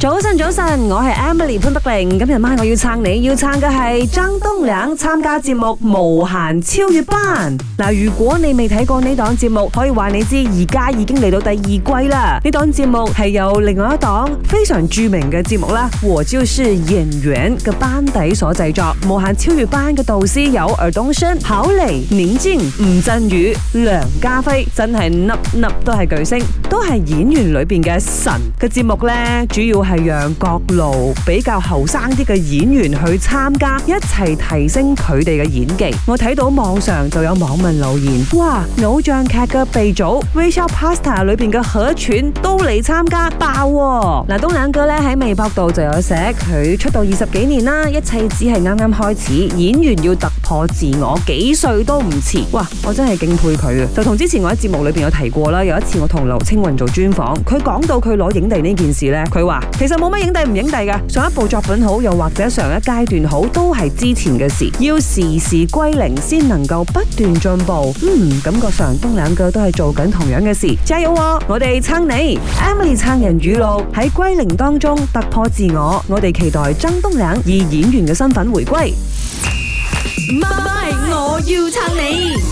早晨，早晨，我係 Emily 潘德玲。今日晚我要撐你，要撐嘅係張棟梁參加節目《無限超越班》。嗱，如果你未睇過呢檔節目，可以話你知，而家已經嚟到第二季啦。呢檔節目係由另外一檔非常著名嘅節目啦，和招師演員嘅班底所製作。《無限超越班》嘅導師有爾冬升、郝蕾、寧靜、吳鎮宇、梁家輝，真係粒粒都係巨星，都係演員裏邊嘅神嘅節目咧，主要係。係讓各路比較後生啲嘅演員去參加，一齊提升佢哋嘅演技。我睇到網上就有網民留言：哇，偶像劇嘅鼻祖 Rachel Pasta》裏邊嘅可權都嚟參加，爆、哦！嗱，棟梁哥咧喺微博度就有寫佢出道二十幾年啦，一切只係啱啱開始。演員要突破自我，幾歲都唔遲。哇，我真係敬佩佢啊！就同之前我喺節目裏邊有提過啦。有一次我同劉青雲做專訪，佢講到佢攞影帝呢件事咧，佢話。其實冇乜影帝唔影帝嘅，上一部作品好，又或者上一階段好，都係之前嘅事。要時時歸零，先能夠不斷進步。嗯，感覺上，棟梁嘅都係做緊同樣嘅事。加油啊，哦！我哋撐你，Emily 撐人語錄，喺歸零當中突破自我。我哋期待張棟梁以演員嘅身份回歸。媽媽，我要撐你。